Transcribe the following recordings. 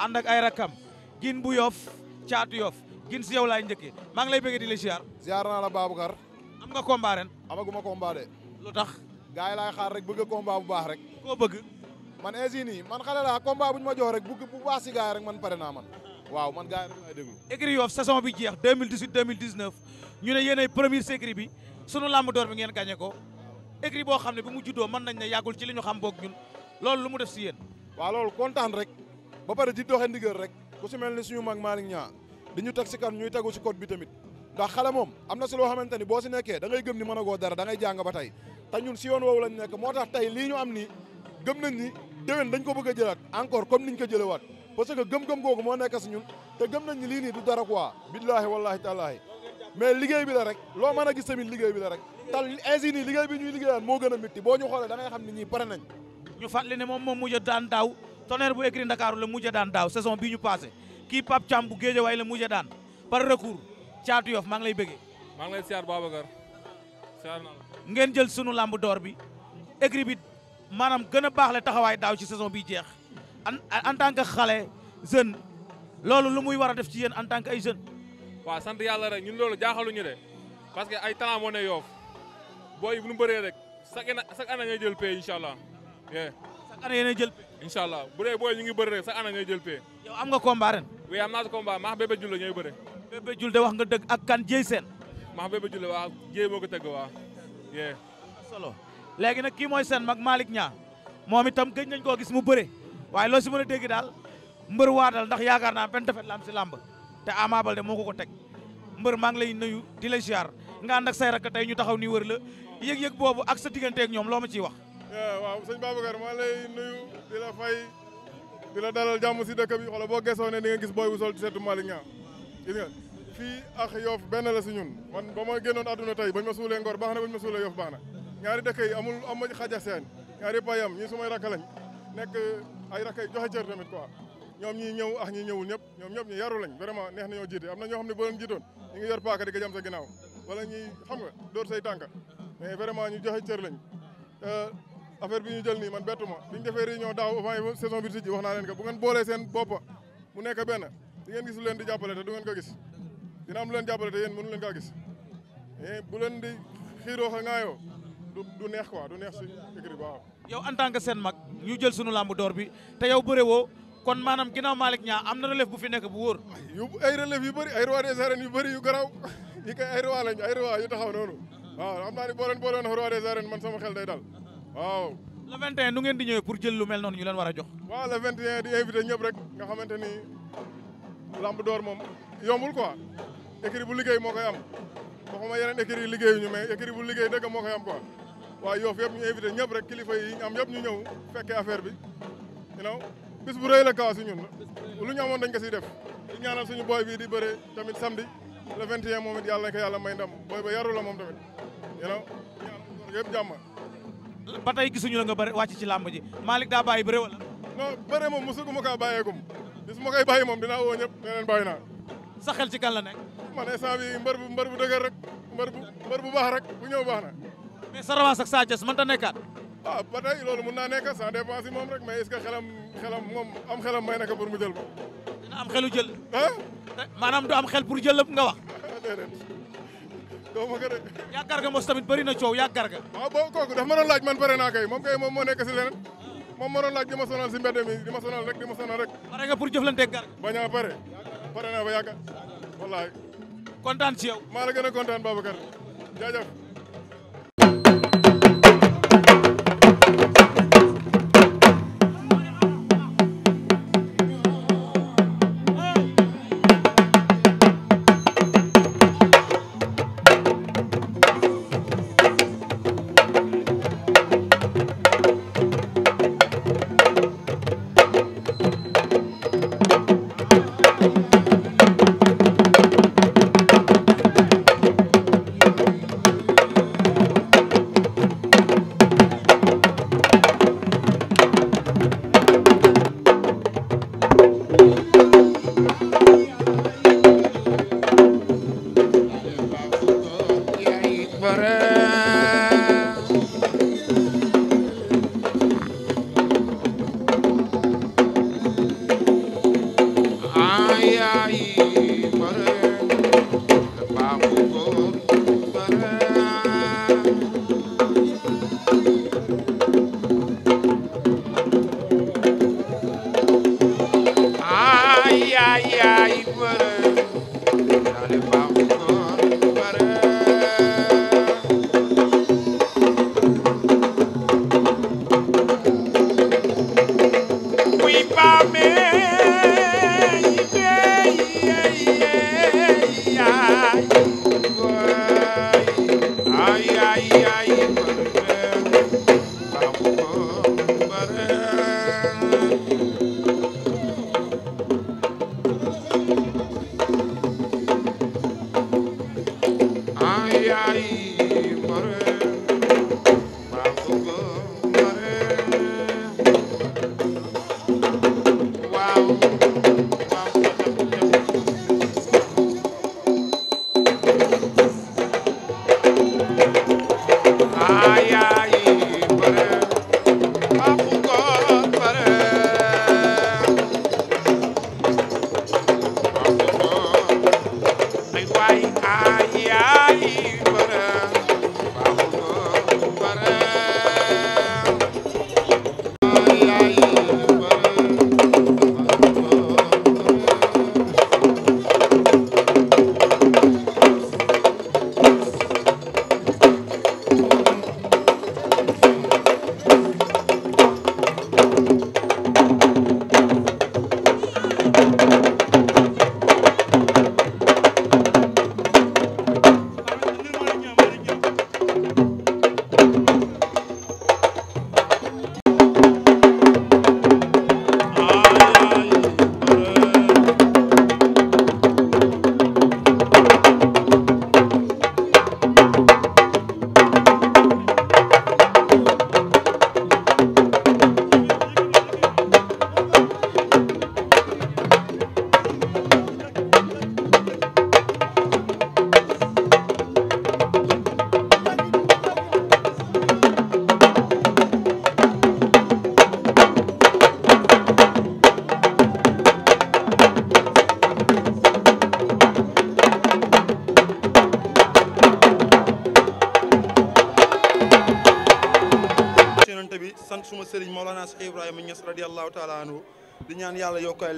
ànd ay rakam gin bu yof caatu yof gin si yow laay njëkkee lay bëggee di la ziar. ziar naa la Babacar. am nga combat ren. amaguma combat de. lu tax. gars yi laay xaar rek bëgg combat bu baax rek. koo bëgg. man ainsi eh, nii man xale laa combat bu ñu ma rek bu bu baax man pare naa man waaw man gars yi rek laay déglu. écurie Yoff saison bi jeex 2018 2019 ñu ne yéenay premier écurie bi sunu làmb door bi ngeen gagné ko écurie boo xam ne bu mu juddoo mën nañ ne yàggul ci li ñu xam boog ñun loolu lu mu def si yéen. waaw loolu kontaan rek ba pare di doxe ndigal rek ku si mel ni suñu mag Malick ñaa di ñu teg si kan ñuy tegu si code bi tamit nda xale moom am na si loo xamante ni boo si nekkee da gëm ni mën dara da jàng te ñun si yoon nekk moo tax tey lii ñu am ni gëm nañ ni déwén dañ ko bëgg a jëlaat encore comme niñ ko jëlewaat parce que gëm-gëm googu moo nekk si ñun te du dara billaahi wallaahi taalaahi mais liggéey bi la rek loo mën a gis tamit liggéey bi la rek tal insi nii liggéey bi ñuy liggéeyaan moo gën a métti boo ñu xoolee da ngay xam ne ñii pare nañ ñu fàttali ne moom daan daaw tonnerre bu écrit Ndakaaru la mujj daan daaw saison bii ñu passé kii Pape Thiam bu Géejawaay daan par recours Caatu ngeen jël sunu lamb door bi écrit bi maanaam gën a baax le taxawaay daaw ci saison bi jeex en tant que xale jeune loolu lu muy war a def ci yéen en tant que ay jeune waaw sant yàlla rek ñun loolu jaaxaluñu de parce que ay talent moo ne yoof booy bu ñu bëree rek chaque chaque année ñooy jël pay incha allah yeah. chaque année jël pay incha allah bu dee booy ñu ngi bëri rek chaque année ñooy jël pay yow am nga combat ren oui am naa si combat maax bébé julle ñooy bëri bébé julle de wax nga dëgg ak kan jéy seen maax bébé julle waa jéy ko tëgg waa solo léegi nag kii mooy seen mag Malick ñaa moom itam gëj nañ koo gis mu bëre waaye loo si mën a dégg daal mbër waadal ndax yaakaar naa benn defet la si làmb te Ama Baldé moo ko ko teg mbër maa ngi lay nuyu di la ziar nga ànd ak say rakk tey ñu taxaw nii wër la yëg-yëg boobu ak sa digganteeg ñoom loo ma ciy wax. Eh, waaw sëñ Babacar maa lay nuyu di la fay di la dalal jàmm si dëkk bi xoolal boo gesoo ne di nga gis booy bu sol ci seetu Malick Niang gis nga fii ak Yoff benn la si na bañ ma ñaari dëkk yi amul am ma xaja seen ñaari bayam ñi sumay rakk lañ nekk ay rakk joxe cër tamit quoi ñoom ñi ñëw ak ñi ñëwul ñëpp ñoom ñëpp ñu yaru lañ vraiment neex na ñoo jiite am na ñoo xam ne boo leen jiitoon ñu ngi yor paaka di ko jam sa ginnaaw wala ñuy xam nga dóor say tànk mais vraiment ñi joxe cër lañ affaire bi ñu jël nii man bettuma bi ñu defee réunion daaw avant saison bi di tijji wax naa leen ko bu ngeen boolee seen boppa mu nekk benn di ngeen gis lu leen di jàppale te du ngeen ko gis dina am leen jàppale te yéen mënu leen kaa gis eh, bu leen di xiiroo xa du neex quoi du neex suñu écrit waaw. yow en tant que seen mag ñu jël suñu làmb door bi te yow bëre woo kon maanaam ginnaaw Malick ñaa am na relève bu fi nekk bu wóor. yu ay yu bëri ay roi des arènes yu bëri yu garaw yi kay ay roi lañ ay roi yu taxaw noonu waaw xam naa ne boo leen boo leen roi des arènes man sama xel day dal waaw. le 21 nu ngeen di ñëwee pour jël lu mel noonu ñu leen war a jox. waaw le 21 di invité ñëpp rek nga xamante ni lamb moom yombul quoi bu liggéey moo koy am waxuma yeneen écurie yi liggéeyuñu mais écurie bu liggéey dëgg moo koy am quoi waaw Yoff yëpp ñu invité ñëpp rek kilifa yi ñu am yëpp ñu ñëw fekkee affaire bi you know bis bu rëy la kaw si ñun lu ñu amoon dañ ko siy def di ñaanal suñu booy bii di bëre tamit samedi le 21 moom it yàlla may ndam booy ba yaru la moom tamit you know ñaan yëpp jàmm ba tey gisuñu la nga bëri wàcc ci làmb ji Malick daa bàyyi bëre wala non bëre moom mosuguma kaa bàyyeegum bis ma koy bàyyi moom dinaa woo ñëpp ne leen sa xel ci kan la man instant bi mbër bu mbër bu dëgër rek mbër bu baax rek bu ñëw baax na. mais sa revanche ak Sa Thiès mënta nekkaat. ah ba tey loolu mën naa nekk sans moom rek mais est ce que xelam xelam moom am xelam may na ko pour mu jël ko. dina am xelu jël. ah. maanaam du am xel pour jël lépp nga wax. ma na ah, laaj man pare naa kay moom kay moom moo nekk si leneen. moom ma doon laaj di ma sonal si di ma rek di ma rek. pare nga pour jëflante Garga. bañ a pare pare naa ba wallaahi. kontaan ci yow. maa la gën a kontaan Babacar jaajëf.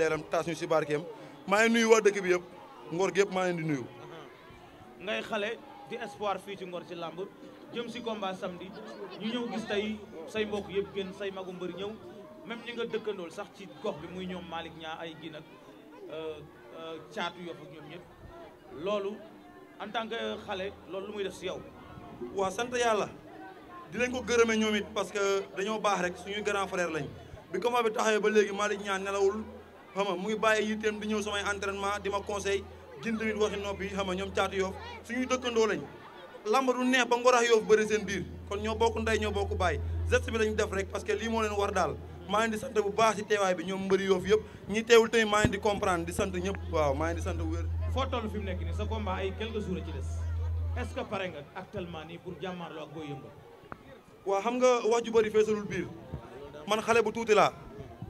leeram taas ñu si barkeem maa ngi nuyu waa dëkk bi yëpp ngor gi yëpp maa leen di nuyu. Uh-huh. ngay xale di espoir fii ci ngor ci làmb jëm si combat samedi ñu ñëw gis tey say mbokk yëpp génn say magu mbër ñëw même ñi nga dëkkandool sax ci gox bi muy ñoom maalik ñaa ay gin ak caatu uh, uh, yof ak ñoom ñëpp loolu en tant que xale loolu lu muy def si yow. waa sant yàlla dinañ ko gërëmee ñoom it parce que dañoo baax rek suñuy grand frère lañ bi combat bi taxawee ba léegi Malick ñaa nelawul. xam mu ngi bàyyi yitteem di ñëw samay entraînement di ma conseil jënd nit waxi noppi ñoom caatu yoof suñuy dëkkandoo lañ lamba du neex ba ngorax yoof bëri seen biir kon ñoo bokk ndey ñoo bokk bàyyi geste bi lañu def rek parce que lii moo leen war daal maa ngi di sant bu baax ci teewaay bi ñoom mbëri yoof yëpp ñi teewul tamit maa ngi di comprendre di sant ñëpp waaw maa ngi di sant wér foo toll fi nekk nii sa combat ay quelques jours ci des est-ce que xam nga wax ju bëri feesalul biir man xale tuuti laa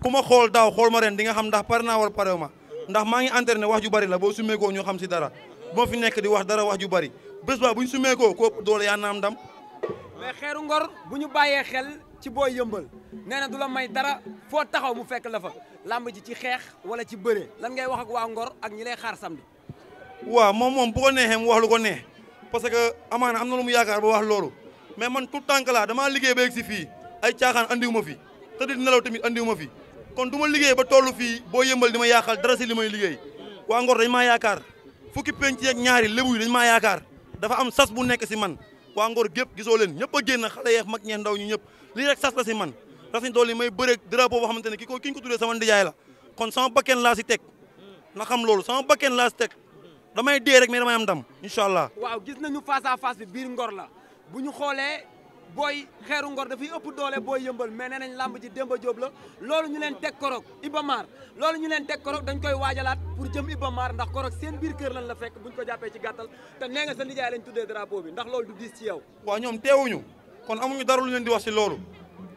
ku ma xool daaw xool ma ren di nga xam ndax pare naa wala parew ma ndax maa ngi entraîné wax ju bari la boo sumee koo ñu xam si dara boo fi nekk di wax dara wax ju bari bés ba bu ñu sumee koo koo doole yaa naam dam mais xeeru ngor bu ñu bàyyee xel ci booy yëmbal nee na du la may dara foo taxaw bu fekk la fa làmb ji ci xeex wala ci bëre lan ngay wax ak waa ngor ak ñi lay xaar samedi. waaw moom moom bu ko neexee mu wax lu ko neex parce que amaana am na lu mu yaakaar ba wax loolu mais man tout tànk laa damaa liggéey ba si fii ay caaxaan andiwu ma fi te di nelaw tamit andiwu ma fi. kon du ma liggéey ba toll fii boo yëmbal di ma yàqal dara si li may liggéey waa Ngor dañ maa yaakaar fukki penc yeeg ñaari lébu dañ maa yaakaar dafa am sas bu nekk si man waa Ngor gépp gisoo leen ñëpp a génn xale yeex mag ñeex ndaw ñu ñëpp lii rek sas la si man rafet dool yi may bëreeg drapeau boo xamante ne ki ko ki ñu ko tuddee sama ndijaay la kon sama bakken laa si teg na xam loolu sama kenn laa si teg damay dee rek mais damay am dam incha allah. waaw gis nañu face à face bi biir Ngor la booy xeeru ngor dafay ëpp doole booy yëmbal mais nee nañ làmb ji Demba Diop la loolu ñu leen teg korog Iba Mar loolu ñu leen teg korog dañ koy waajalaat pour jëm Iba Mar ndax korog seen biir kër lan la fekk buñ ko jàppee ci gàttal te nee nga sa nijaay lañ tuddee drapeau bi ndax loolu du diis ci yow waaw ñoom teewuñu kon amuñu dara lu leen di wax si loolu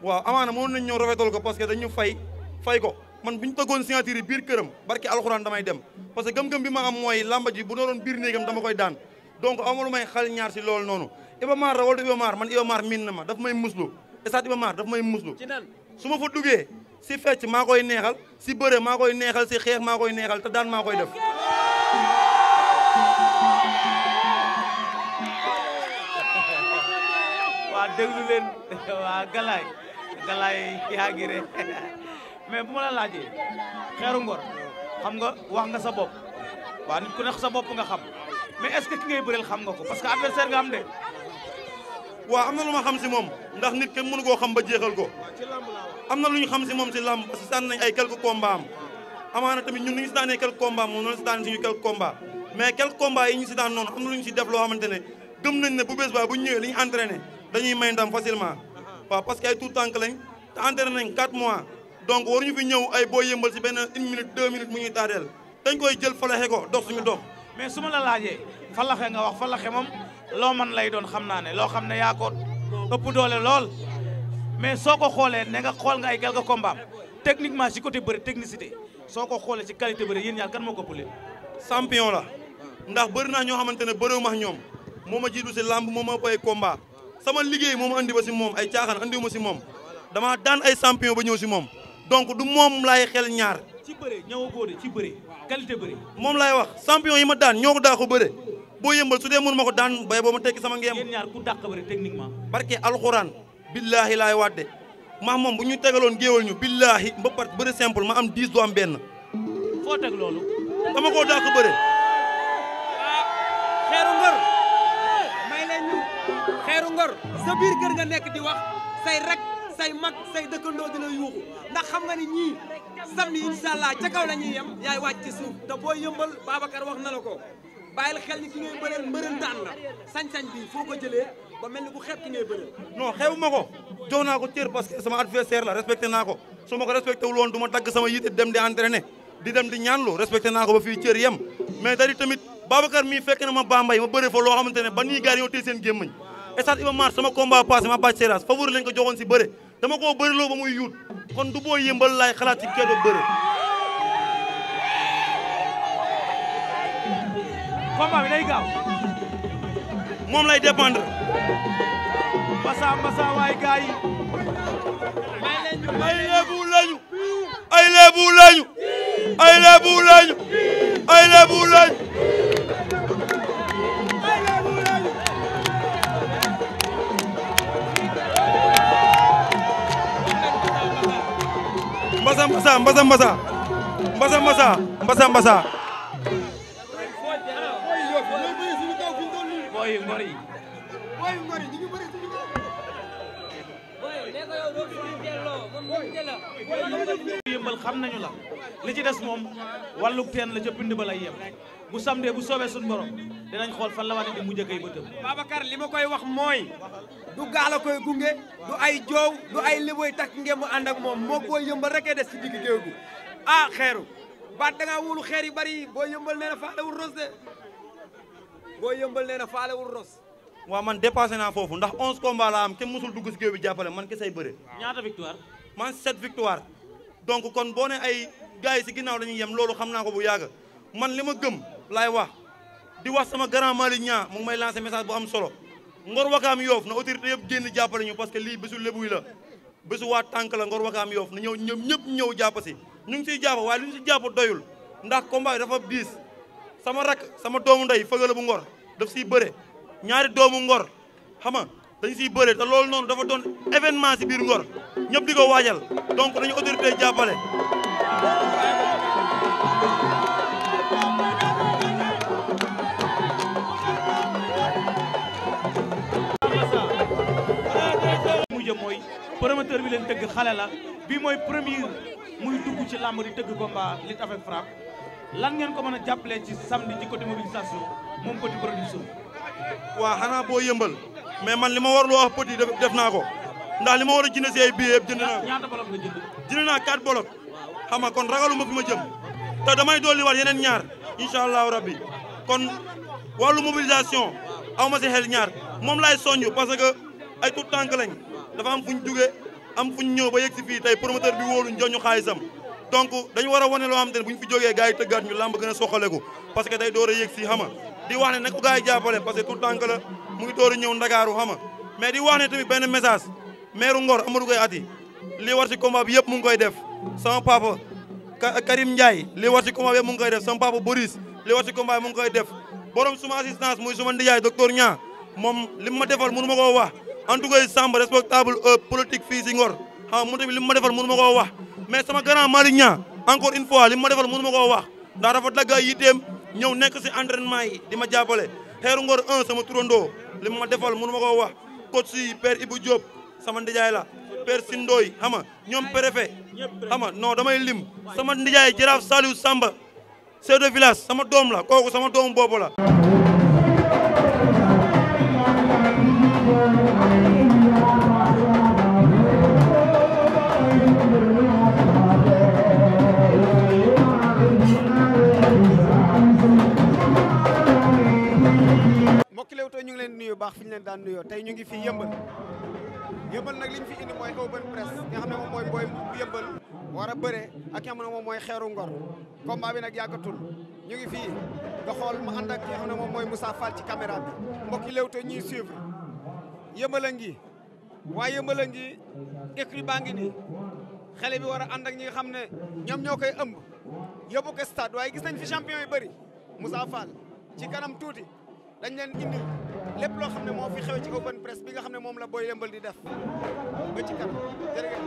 waaw amaana mënoon nañ ñëw rafetal ko parce que dañu fay fay ko man bu ñu tëggoon signature yi biir këram barki alxuraan damay dem parce que gëm-gëm bi ma am mooy ji bu doon biir néegam dama koy daan donc amalu may xal ñaar si noonu Iba Mar la wala man Iba Mar na ma daf may muslu stade Iba Mar daf may muslu su ma fa duggee si fecc maa koy neexal si bëre maa koy neexal si xeex maa koy neexal te daan maa koy def waa déglu waa galaay galaay yaa ngi bu ma la laajee xeeru ngor xam nga wax nga sa bopp waa nit ku nekk sa bopp nga xam mais est-ce que ki xam nga ko parce que adversaire nga am de waaw am na lu ma xam si moom ndax nit kenn mënu koo xam ba jeexal ko am na lu ñu xam si moom si làmb parce que sànni nañ ay quelques combats am amaana tamit ñun ni ñu si daanee quelques combats moom noonu si daan suñu quelques combats mais quelques combats yi ñu si daan noonu am na lu ñu si def loo xamante ne gëm nañ ne bu bees ba bu ñu ñëwee li ñu entraîné dañuy may ndam facilement waaw parce que ay tout tànk lañ te entraîné nañ 4 mois donc waruñu fi ñëw ay boo yëmbal si benn une minute deux mu ñuy taadeel dañ koy jël falaxe ko dox suñu dox mais su ma la laajee falaxe nga wax falaxe moom loo man lay doon xam naa ne loo xam ne yaa ko lool mais soo ko xoolee ne nga xool nga ay quelques combats techniquement si côté bëri technicité soo ko xoolee si qualité bëri yéen ñaar kan moo ko ëpp leen champion la ndax bëri naa ñoo xamante ne bëriwu ma ñoom moo ma jiitu si làmb moo ma ëpp ay sama liggéey moo ma andi si moom ay caaxaan andiwu ma si moom dama daan ay champion ba ñëw si moom donc du moom laay xel ñaar. ci ñaw ñëwagoo de ci bëre qualité bëre. moom laay yi ma daan ñoo daa ko boo yëmbal su dee mënu ma ko daan bay boo ma tekki sama ngeem. yéen ñaar ku dàq bëri techniquement. barke alxuraan. billaahi laay wadde maa moom bu ñu tegaloon géewal ñu billaahi mbëppat bëri simple ma am 10 do am benn. foo teg loolu. dama koo dàq bëri. xeeru ngor may leen ñu xeeru ngor sa biir di wax say rek say mag say dëkkandoo dina yuuxu ndax xam nga ni ñii samedi incha allah ca kaw la ñuy yem yaay wàcc ci te boo yëmbal Babacar wax na ko. bàyyil xel ni ki ngay bëreel mbërëntaan la sañ-sañ bi foo ko jëlee ba mel ni ku xeeb ki ngay bëreel non xeebu ko jox naa ko cër parce que sama adversaire la respecté naa ko su ma ko respecté wul woon du ma dagg sama yitte dem di entraîné di dem di ñaanlu respecté naa ko ba fii cër yem mais dari tamit Babacar mii fekk na ma Bambey ma bëre fa loo xamante ne ba nii gars yi ñoo téye seen gémmañ estat Iba Mar sama combat passé ma bàcc séerage favori lañ ko joxoon si bëre dama koo bëriloo ba muy yuut kon du boo yëmbal laay xalaat si kedo combat bi day gaaw. moom lay dépendre. mbasa mbasa waay gars yi. ay lébu lañu. ay lébu lañu. ay lébu lañu. ay lébu lañu. mbasa mbasa mbasa mbasa mbasa mbasa mbasa mbasa yëmbal xam nañu la li ci des moom wàllug teen la ca pind ba lay yem bu samdee bu soobee suñu borom dinañ xool fan la war a mu jëkkay bëtëm Babacar li ma koy wax mooy du gaal a koy gunge du ay joow du ay liboy takk ngeen mu ànd moom moo koy yëmbal rekee des ci digg géew bi ah xeeru baat da ngaa xeer yi bari boo yëmbal nee na faalewul ros de boo yëmbal nee na faalewul ros waaw man dépassé naa foofu ndax onze combats la am kenn mësul dugg ci jàppale man ki say bëre ñaata donc kon boo ne ay gars yi si ginnaaw dañuy yem loolu xam naa ko bu yàgg man li ma gëm laay wax di wax sama grand Malick Niang mu ngi may lancer message bu am solo Ngor Wakaam Yoof na autorité yëpp génn jàppale ñu parce que lii bésu lébuy la bésu waa tànk la Ngor Wakaam Yoof na ñëw ñëpp ñëpp ñëw jàpp si ñu ngi siy jàpp waaye lu ñu si jàpp doyul ndax combat yi dafa diis sama rak sama doomu nday fëgala bu Ngor daf siy bëre ñaari doomu Ngor xam dañu siy bëree te loolu noonu dafa doon événement si biir Ngor ñëpp di ko waajal donc dañu autorité jàppale. mu jëm mooy promoteur bi leen tëgg xale la bi mooy premier muy dugg ci làmb di tëgg combat lutte avec frappe lan ngeen ko mën a jàppalee ci samedi ci côté mobilisation moom côté production. waa xanaa boo yëmbal. mais man li ma warul wax petit def naa ko ndax li ma war a jënd si ay billets yëpp jënd naa ko. ñaata bolok nga jënd. jënd naa 4 bolok xam nga kon ragaluma fi ma jëm te damay dolli war yeneen ñaar incha allahu rabbi kon wàllu mobilisation aw ma si xel ñaar moom laay soññ parce que ay tout tànk lañ dafa am fu ñu jugee am fu ñu ñëw ba yegg si fii tey promoteur bi wóoluñ joñu xaalisam. donc dañu war a wane loo xam bu ñu fi jógee gars tëggaat ñu làmb gën a soxaleku parce que day door a yëg si xama di wax ne nag ko gars yi jàppale parce mu ngi door a ñëw ndakaaru xam mais di wax ne tamit benn message maire Ngor Amadou Gueye Ati li war ci combat bi yëpp mu ngi koy def sama papa Karim Ndiaye li war ci combat bi yëpp mu ngi koy def sama papa Boris li war ci combat bi mu ngi koy def borom suma assistance muy suma ndijaay docteur Niang moom li ma defal mënu ma koo wax en tout cas Samb responsable euh, politique fii si Ngor xam nga li ma defal mënu ma koo wax mais sama grand Malick Niang encore une fois li ma defal mënu ma koo wax ndax dafa dagg ay ñëw nekk si entraînement yi di ma jàppale xeeru ngor sama turandoo li ma defal mënu ma koo wax coach si père Ibou sama ndijaay la père Sindooy xama ñoom préfet xama non damay lim sama ndijaay jaraaf Saliou Samba chef de village sama doom la kooku sama doom boobu la bu baax fi ñu leen daan nuyoo tey ñu ngi fi yëmbal yëmbal nag li fi indi mooy open press nga xam ne moom mooy booy yëmbal war a bëre ak nga ne moom mooy xeeru ngor combat bi nag yàggatul ñu ngi fii nga ma ànd ak nga xam ne moom mooy Moussa Fall ci caméra bi mbokki Leewtoo ñuy suivre yëmbal a ngi waaye yëmbal a ngi écrit baa ngi bi war a ànd ñi nga xam ne ñoom ñoo koy ëmb yóbbu ko stade waaye gis nañ fi champion yu bëri Moussa Fall ci kanam tuuti dañ leen lépp loo xam ne moo fi xew ci open presse bi nga xam ne moom la Boy Yeumbeul di def ba ci kanam jërëjëf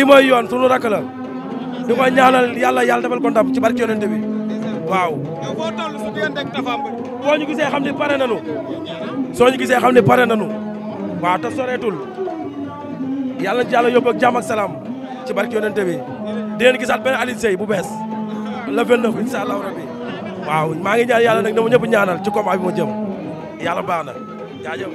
lii mooy yoon sunu rakk la di ko ñaanal yàlla yàlla defal ko ndam ci barke yonente bi waaw. yow foo ñu gisee xam ne pare nañu soo ñu gisee xam ne pare nañu waaw te soreetul yàlla ci yàlla yóbbu ak salaam ci barke yonente bi di ngeen gisaat benn Alioune bu bees la 29 incha allahu rabi waaw maa ngi ñaan yàlla nag dama ñëpp ñaanal ci combat bi ma jëm yàlla baax na jaajëf.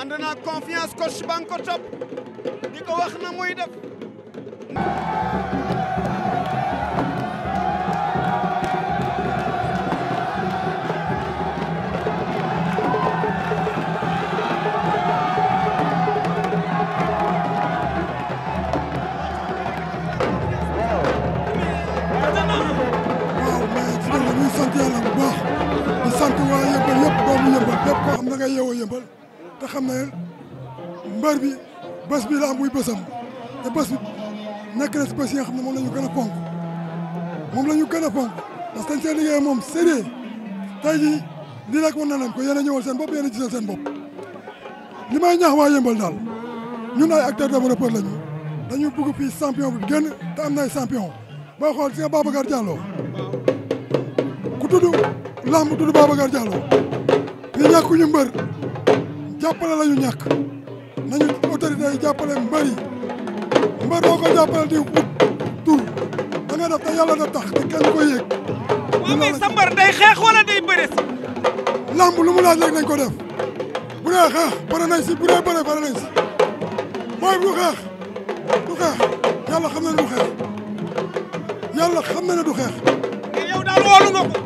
ànd naa confiance coach ko topp di ko wax na muy def sant yàlla bu baax di sant waa yëmbal yëpp doomu yëmbal bépp koo xam na nga yeewoo te xam ne mbër bi bës bi la am muy bésam te bés bi nekk na si bés yi nga xam ne moom na ñu gën a moom la ñu gën a ponk parce que dañ seen liggéey moom sérieux tey jii lii rek mën na leen ko yéen a ñëwal seen bopp yéen a gisal seen bopp li may ñaax waa yëmbal daal ñun ay acteur développeur lañu dañu bëgg fii champion bu génn ta am na ay champion boo xool si nga Babacar Diallo ku tudd lamb tudd Babacar Diallo ñu ñàkkuñu mbër jàppale la ñu ñàkk nañu autorité yi jàppale mbër yi mbër doo ko jàppale di wut tur da nga def te yàlla te kenn ko yéeg. waaw mais sa day xeex wala day bëre lamb lu mu laaj rek nañ ko def bu dee xeex pare nañ si bu dee bëre pare si mooy bu xeex du xeex xam na ne du xeex yàlla xam na ne du xeex. daal wóolu nga ko.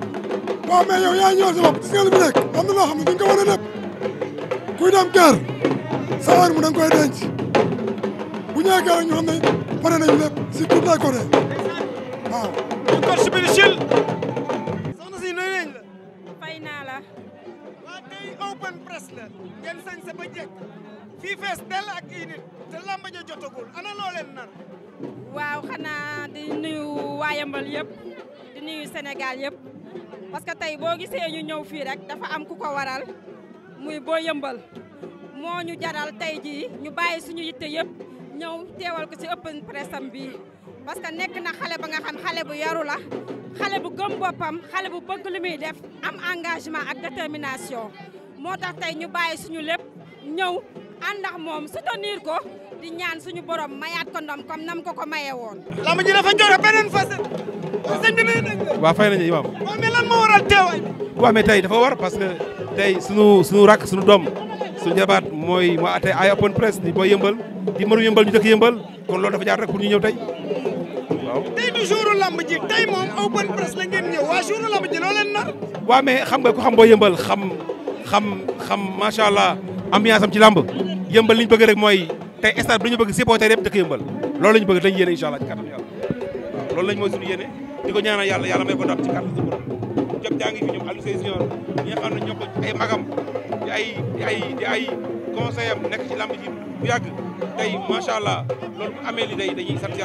waaw mais yaa ñëw si bopp gis nga li mu nekk am na loo xam ne duñ ko war a def. kuy dem kër sa arme da nga koy denc bu ñëwee kër ñu xam ne pare nañu lépp si tout les côtés fay naa la. waa tey open press la ngeen sañ ba jekk fii fees dell ak i nit te lamba ja ana loo nar. waaw xanaa di nuyu waa Yambal di nuyu Sénégal yëpp parce que tey boo gisee ñu ñëw fii rek dafa am ku ko waral. muy boo yëmbal moo ñu jaral tey jii ñu bàyyi suñu yitte yëpp ñëw teewal ko ci open press am bii parce que nekk na xale ba xale bu yaru xale bu gëm boppam xale bu bëgg lu muy def am engagement ak détermination moo tax tey ñu bàyyi suñu lépp ñëw ànd ak moom soutenir ko di ñaan suñu borom mayaat ko ndam nam ko ko maye woon. lama ji dafa njoore beneen facette. waaw sëñ bi nuyu nañ fay nañu imaam. waaw mais lan moo waral teewaay bi. waaw mais tey dafa war tey sunu sunu rakk sunu doom sunu jabaat mooy moo atee ay open press di booy yëmbal di mënu yëmbal ñu dëkk yëmbal kon loolu dafa jaar rek pour ñu ñëw tey tey du jouru lamb ji tey moom open press la ngeen ñëw waa jouru lamb ji loo leen nar. waaw xam nga ko xam booy yëmbal xam xam xam macha allah ambiance am ci lamb yëmbal li ñu bëgg rek mooy tey stade bi ñu bëgg supporter yëpp dëkk yëmbal loolu la ñu dañu yéene incha allah ci kàttan yàlla loolu lañ mooy suñu yéene di ko ñaanal yàlla yàlla may ko jaa ngi fi ñoom Aliou Seye Junior ñi nga xam ne ñoo ko ay magam di ay di ay di ay conseil nekk ci lamb ji yàgg tey macha allah loolu bu amee li day dañuy sant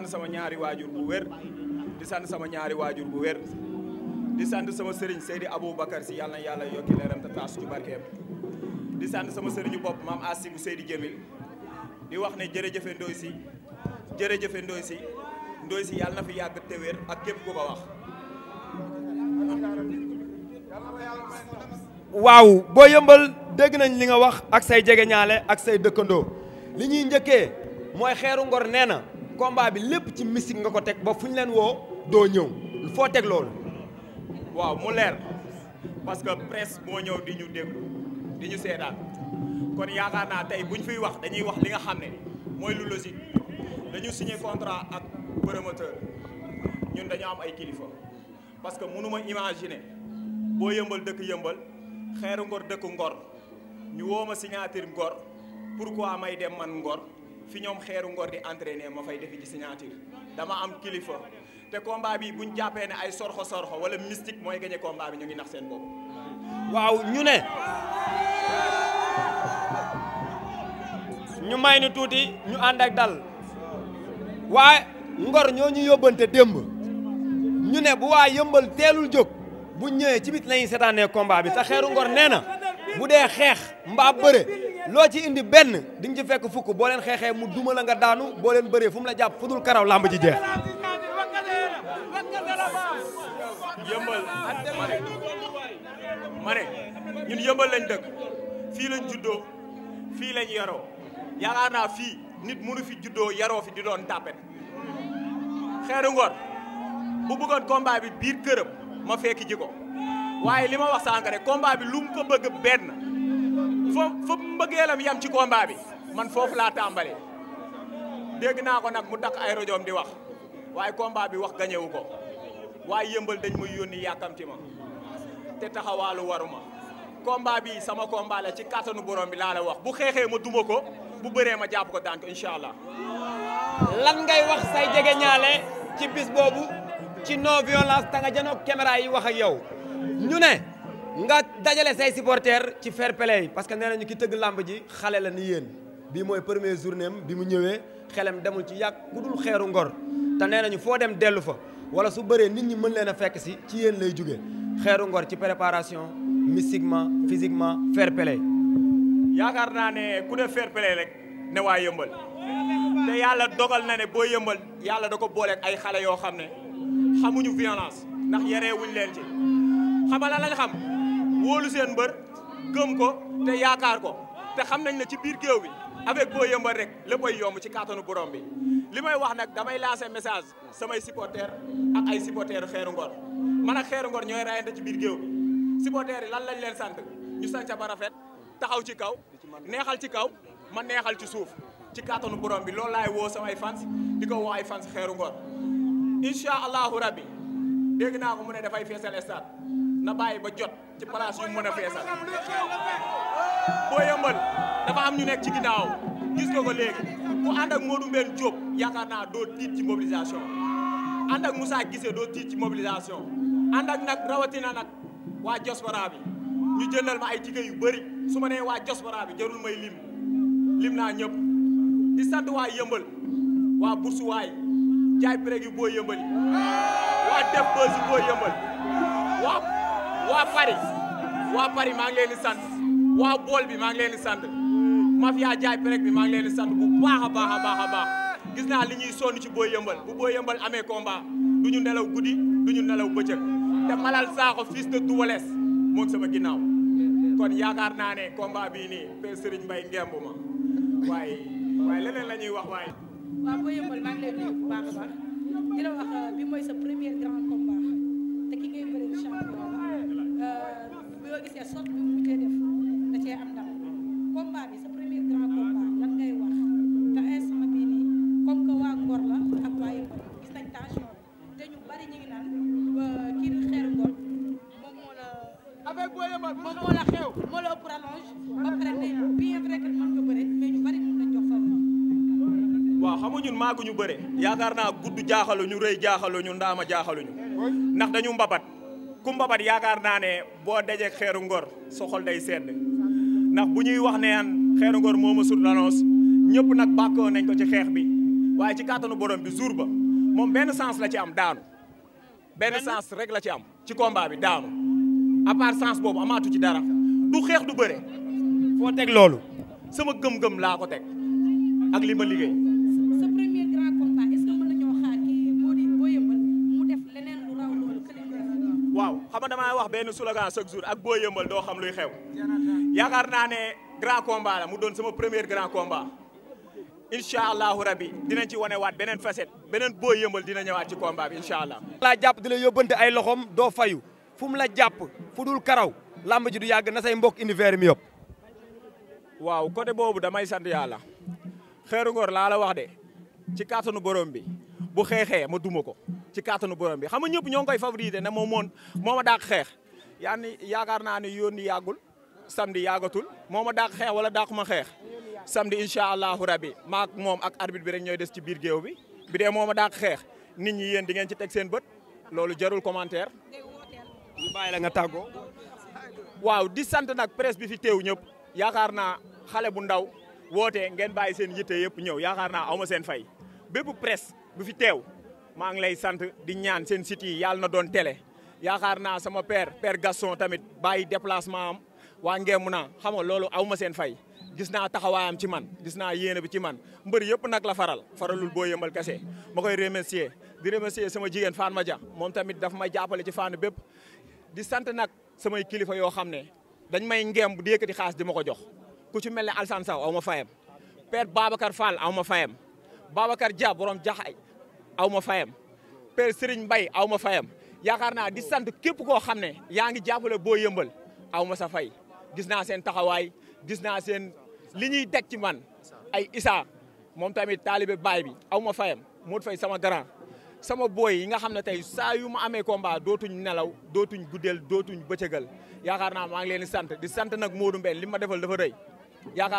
sant sama ñaari waajur bu wér di sant sama ñaari waajur bu wér di sant sama sëriñ Seydi Aboubacar si yàlla na yàlla yokki leeram te ci barkeem di sant sama sëriñu bopp maam Asi bu Seydi Jëmil di wax ne jërëjëfe Ndoye Sy jërëjëfe Ndoye Sy Ndoye Sy yàlla na fi yàgg te wér ak képp ku ko wax waaw boo yëmbal dégg nañ li nga wax ak say jege ñaale ak say dëkkandoo li ñuy njëkkee mooy xeeru ngor nee na combat bi lépp ci mystique nga ko teg ba fu ñu leen woo doo ñëw foo teg loolu. waaw mu leer parce que presse moo ñëw di ñu déglu di ñu seetaan kon yaakaar naa tey bu ñu fiy wax dañuy wax li nga xam ne mooy lu logique dañu signé contrat ak promoteur ñun dañu am ay kilifa parce que mënu ma imaginer boo yëmbal dëkk yëmbal xeeru ngor dëkk ngor ñu woo ma signature ngor pourquoi may dem man ngor. fi ñoom xeeru ngor di entraîné ma fay defi ci signature dama am kilifa te combat bi buñ jàppee ne ay sorxo sorxo wala mystique mooy gagné combat bi ñu ngi nax seen bopp. ñu ne ñu may tuuti ñu ànd dal waaye ngor ñoo ñu yóbbante démb ñu ne bu waa yëmbal teelul jóg bu ñëwee ci bit lañuy seetaanee combat bi te xeeru ngor nee na bu dee xeex mbaa bëre. loo ci indi benn di nga ci fekk fukk boo leen xeexee mu duma la nga daanu boo leen bëree la jàpp fu dul karaw làmb ji jeex. yëmbal ma ne ñun yëmbal lañ dëkk fii lañ juddoo fii lañ yaroo yaakaar fii nit mënu fi juddoo yaroo fi di doon tàppet xeeru ngor bu biir këram ma fekk ji ko waaye li ma wax sànq rek combat benn. fa fa mbëggeelam yam ci combat bi man foofu laa tàmbalee dégg naa ko nag mu takk ay rajoom di wax waaye combat bi wax gañewu ko waaye yëmbal dañ muy yónni yàkkamti ma te taxawaalu waruma combat bi sama combat la ci kàttanu borom bi laa la wax bu xeexee ma duma ko bu bëree ma jàpp ko daan ko allah. lan ngay wax say jege ñaale boobu ci non jan ta nga janook caméra yi wax ak ne. nga dajale say supporters ci fair play parce que nee ñu ki tëgg làmb ji xale la ni yéen bii mooy premier journée am bi mu ñëwee xelam demul ci yàgg ku dul xeeru ngor te nee nañu foo dem dellu fa wala su bëree nit ñi mën leen a fekk si ci yéen lay jugee xeeru ngor ci préparation mistiquement physiquement fair yaakaar naa ne ku ne fair rek ne waa yëmbal te yàlla dogal na ne boo yëmbal yàlla da ko booleeg ay xale yoo xam ne xamuñu violence ndax yaree leen ci xamala wóolu seen mbër gëm ko te yaakaar ko te xam nañ ne ci biir géew bi avec Boy Yeumbeul rek léppay yomb ci kàttanu borom bi li may wax nag damay lancer message samay supporters ak ay supporters Xeeru Ngor man ak Xeeru Ngor ñooy rayante ci biir géew bi supporters yi lan lañ leen sant ñu sanca ba rafet taxaw ci kaw neexal ci kaw ma neexal ci suuf ci kàttanu borom bi loolu laay woo samay fans di ko woo ay fans Xeeru Ngor incha allahu rabbi dégg naa ko mu ne dafay feesal stade na bàyyi ba jot ci place yu mën a feesal boo yëmbal dafa am ñu nekk ci ginnaaw gis nga ko léegi ku ànd ak Modou Mbène Diop yaakaar naa doo tiit ci mobilisation ànd ak Moussa Guissé doo tiit ci mobilisation ànd ak rawatina nag waa diaspora bi ñu jëndal ma ay ticket yu bëri su ma nee waa diaspora bi jarul may lim lim naa ñëpp di sant waa yëmbal waa bursuwaay jaay prégi boo yëmbali waa def boo yëmbal waa waa Paris waa Paris maa ngi leen di waa bool bi maa ngi leen di sant mafia jaay perek bi maa ngi leen di sant bu baax a baax a baax a baax gis naa li ñuy sonn ci booy yëmbal bu booy yëmbal amee komba du ñu nelaw guddi du ñu nelaw bëccëg te Malal Sakho fis de Doubalès moo ngi sama ginnaaw kon yaakaar naa ne combat bii nii pe Serigne Mbaye ngemb waaye leneen la ñuy wax waaye. waaw booy yëmbal maa ngi lay bu baax a baax di la wax euh, bi mooy sa premier grand soo gisee sot bi mu mujjee def da cee am ndam combat bi sa premier grand combat lan ngay wax te instant bii nii comme que waa Ngor la ak waa Yëmbal gis nañ tension te ñu bari ñu ngi naan kii di xeer Ngor moom moo la. avec booy Yëmbal moom moo la xew moo la ëpp rallonge ba pare tey bien vrai que mën nga bëre mais ñu bari mën nañ jox favori. waaw xam nga ñun maaguñu bëre yaakaar naa gudd jaaxaluñu rëy jaaxaluñu ndaama jaaxaluñu ndax dañu mbabat. Kumba Bat yaakaar naa ne boo dajee xeeru ngor sa xol day sedd ndax bu ñuy wax ne an xeeru ngor moo ma sut l'annonce ñëpp nag bàkkoo nañ ko ci xeex bi waaye ci kàttanu borom bi jour ba moom benn sens la ci am daanu benn sens rek la ci am ci combat bi daanu à part sens boobu amaatu ci dara du xeex du bëre foo teg loolu sama gëm-gëm laa ko teg ak li ma liggéey wax benn slogan chaque jour ak boo yëmbal doo xam luy xew yaakaar naa ne grand combat mu doon sama premier grand combat incha allahu rabi dinañ ci wane waat beneen facette beneen boo yëmbal dina ñëwaat ci combat bi allah. laa jàpp di la yóbbante ay loxoom doo fayu fu la jàpp fu dul karaw làmb ci du yàgg na say mbokk univers mi ko waaw boobu damay sant yàlla xeeru ngor laa wax de ci kàttanu borom bi. bu xeexee ma duma ko ci kàttanu borom bi xam nga ñëpp ñoo ngi koy favoriser ne moom moon moo ma daak xeex yaa ni yaakaar naa ne yoon ni yàggul samedi yàggatul moom ma daak xeex wala daak ma xeex samedi incha allahu rabi maak moom ak arbitre bi rek ñooy des ci biir géew bi bi dee moo ma daak xeex nit ñi yéen di ngeen ci teg seen bët loolu jarul commentaire ñu bàyyi la nga tàggoo waaw di sant nag presse bi fi teew ñëpp yaakaar naa xale bu ndaw woote ngeen bàyyi seen yitte yëpp ñëw yaakaar naa aw ma seen fay bu fi teew maa ngi lay sant di ñaan seen site yi na doon télé yaakaar naa sama père père Gaston tamit bàyyi déplacement am waa ngeemu naa xam nga loolu aw ma seen fay gis naa taxawaayam ci man gis naa yéene bi ci man mbër yëpp nag la faral faralul boo yëmbal kese ma koy remercier di remercier sama jigéen Fatma Dia moom tamit daf may jàppale ci fànn bépp di sant nag samay kilifa yoo xam ne dañ may ngeem bu di yëkkati xaas di ma ko jox ku ci mel ne Alsane aw ma fayam père Babacar Fall aw ma fayam Babacar Dia borom jaxaay aw ma fayam Père Serigne Mbaye aw ma fayam yaakaar naa di sant képp koo xam ne yaa ngi jàppale boo yëmbal aw ma sa fay gis naa seen taxawaay gis naa seen li ñuy teg ci man ay Issa moom tamit taalibe baay bi aw ma fayam Modou Faye sama grand sama booy yi nga xam ne tey saa yu ma amee combat dootuñ nelaw dootuñ guddeel dootuñ bëccëgal yaakaar naa maa ngi leen di sant di sant nag Modou Mbène li ma defal dafa rëy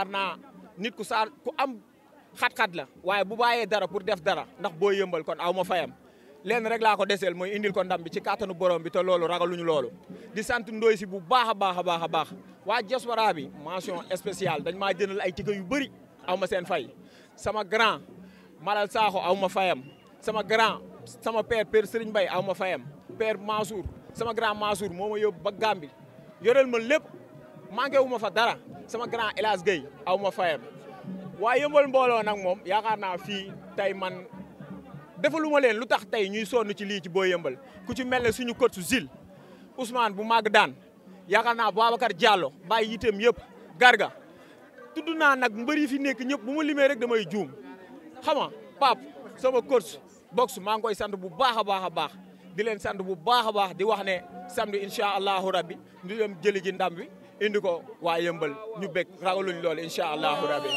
naa nit ku saa ku am xat-xat la waaye bu bàyyee dara pour def dara ndax boo yëmbal kon aw ma fayam leen rek laa ko deseel mooy indil kon ndam bi ci kàttanu borom bi te loolu ragaluñu loolu di sant ndoy si bu baax a baax a baax a baax waa diaspora bi mention spéciale dañ maa jëndal ay ticket yu bëri aw ma seen fay sama grand Malal Sakho aw ma fayam sama grand sama père père Serigne bay aw ma fayam père Mansour sama grand Mansour moo ma yóbbu ba Gàmbi yoreel ma lépp manqué ma fa dara sama grand El Gueye aw ma fayam waa yëmbal mbooloo nag moom yaakaar naa fii tey man defaluma leen lu tax tey ñuy sonn ci lii ci boo yëmbal ku ci mel ne suñu coach Zil Ousmane bu màgg daan yaakaar naa Babacar Diallo bàyyi yiteem yëpp garga tudd naa nag mbër yi fi nekk ñëpp bu ma limee rek damay juum xam nga sama coach box maa ngi koy sant bu baax a baax a baax di leen sant bu baax a baax di wax ne samedi incha allahu rabbi ñu dem jëli ji ndam bi indi ko waa yëmbal ñu bég ragaluñ lool incha allahu rabbi